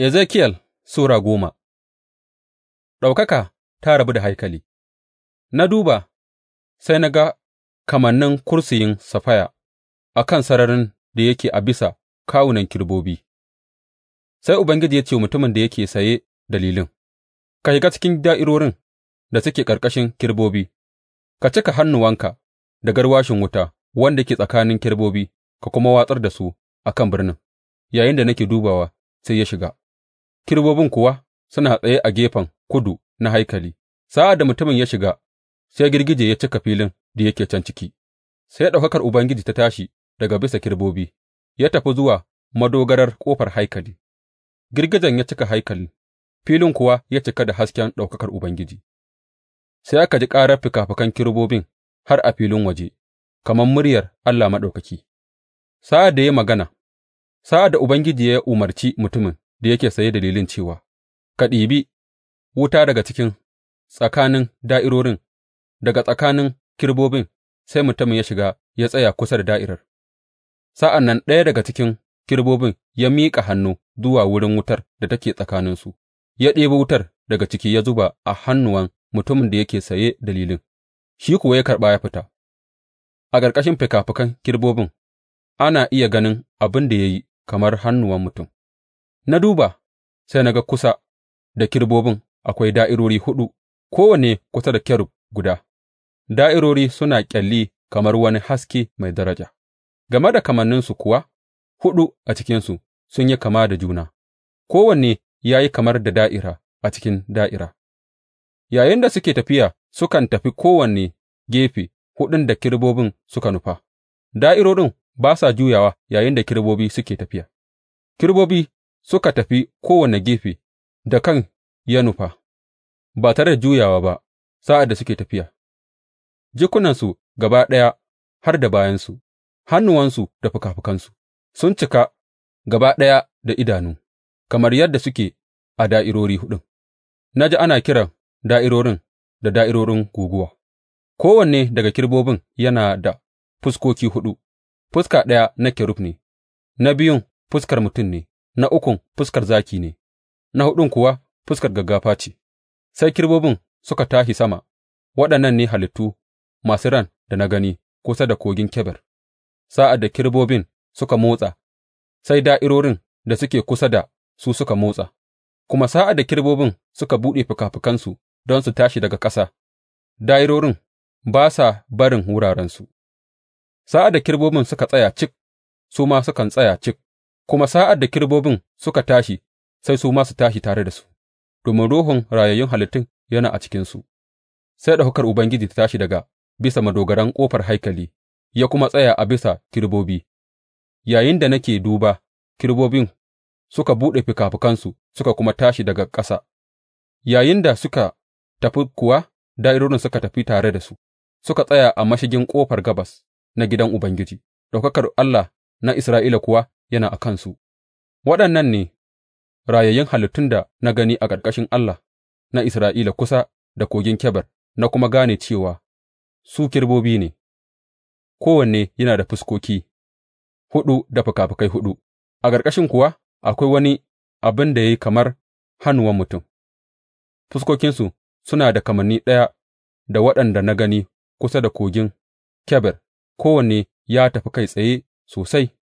Ezekiyel Sura goma Ɗaukaka ta rabu da haikali Na duba, sai na ga kamannin kursiyin Safaya a kan sararin da yake a bisa kawunan kirbobi. sai Ubangiji ya ce mutumin da yake saye dalilin. Ka shiga cikin da'irorin da suke ƙarƙashin kirbobi. ka cika hannuwanka da garwashin wuta wanda yake tsakanin kirbobi ka kuma watsar da su a kan birnin, yayin yayinda nake dubawa sai ya shiga. kerubobin kuwa suna tsaye a gefen kudu na haikali, sa'ad da mutumin ya shiga, sai girgije ya cika filin da yake can ciki, sai ɗaukakar Ubangiji ta tashi daga bisa kerubobi, ya tafi zuwa madogarar ƙofar haikali, girgijen ya cika haikali, filin kuwa ya cika da hasken ɗaukakar Ubangiji. Sai aka ji ƙarar fikafikan kerubobin har a filin waje, kamar muryar Allah Maɗaukaki. Sa'ad da ya magana, sa'ad da Ubangiji ya umarci mutumin da yake saye da lilin cewa, Ka ɗibi wuta daga cikin tsakanin da'irorin, daga tsakanin kerubobin, sai mutumin ya shiga ya tsaya kusa da da'irar, sa'an nan ɗaya daga cikin kerubobin ya miƙa hannu zuwa wurin wutar da take tsakaninsu, ya ɗebi wutar daga ciki ya zuba a hannuwan mutumin da yake saye da lilin, shi kuwa ya karɓa ya fita. A ƙarƙashin fikafikan kerubobin ana iya ganin abin da ya yi kamar hannuwan mutum. Na duba, sai na ga kusa da kerubobin akwai da'irori huɗu, kowanne kusa da kerub guda, da'irori suna ƙyalli kamar wani haske mai daraja, game da kamanninsu kuwa, huɗu a cikinsu sun yi kama da juna, kowanne ya yi kamar da da'ira a cikin da'ira, da suke tafiya sukan tafi kowanne gefe huɗun da kerubobin suka nufa, da'irorin ba sa juyawa da kerubobi suke tafiya, kirbobi suka tafi kowane gefe da kan ya nufa, ba tare da juyawa ba sa'ad da suke tafiya, jikunansu gaba ɗaya har da bayansu, hannuwansu da fikafikansu sun cika gaba ɗaya da idanu, kamar yadda suke a da'irori huɗun, na ji ana kiran da'irorin da da'irorin guguwa, kowanne daga kirbobin yana da fuskoki huɗu, fuska ɗaya na kerub ne, na biyun fuskar mutum ne, na ukun fuskar zaki ne, na huɗun kuwa fuskar gaggafa ce, sai kirbobin suka tashi sama, waɗannan ne halittu masu ran da na gani kusa da kogin Kebar, sa'ad da kirbobin suka motsa, sai da'irorin da suke kusa da su suka motsa, kuma sa'ad da kirbobin suka buɗe fikafikansu don su tashi daga ƙasa, da'irorin ba sa barin wurarensu. Sa'ad da kirbobin suka tsaya cik, su ma sukan tsaya cik. kuma sa'ad da kerubobin suka tashi, sai su ma su tashi tare da su, domin ruhun rayayyun halittun yana a cikinsu, sai ɗaukakar Ubangiji ta tashi daga bisa madogaran ƙofar haikali, ya kuma tsaya a bisa kerubobi. Yayinda nake duba, kerubobin suka buɗe fikafikansu suka kuma tashi daga ƙasa, Yayin da suka tafi kuwa da'irorin suka tafi tare da su, suka tsaya a mashigin ƙofar gabas na gidan Ubangiji, ɗaukakar Allah na Isra'ila kuwa yana a kansu, waɗannan ne rayayyun halittun da na gani a ƙarƙashin Allah na Isra'ila kusa da Kogin Kebar na kuma gane cewa su kerubobi ne, kowanne yana da fuskoki huɗu da fikafikai huɗu, a ƙarƙashin kuwa akwai wani abin da ya yi kamar hannuwan mutum, fuskokinsu suna da kamanni ɗaya da waɗanda na gani kusa da Kogin Kebar, kowanne ya tafi kai tsaye sosai.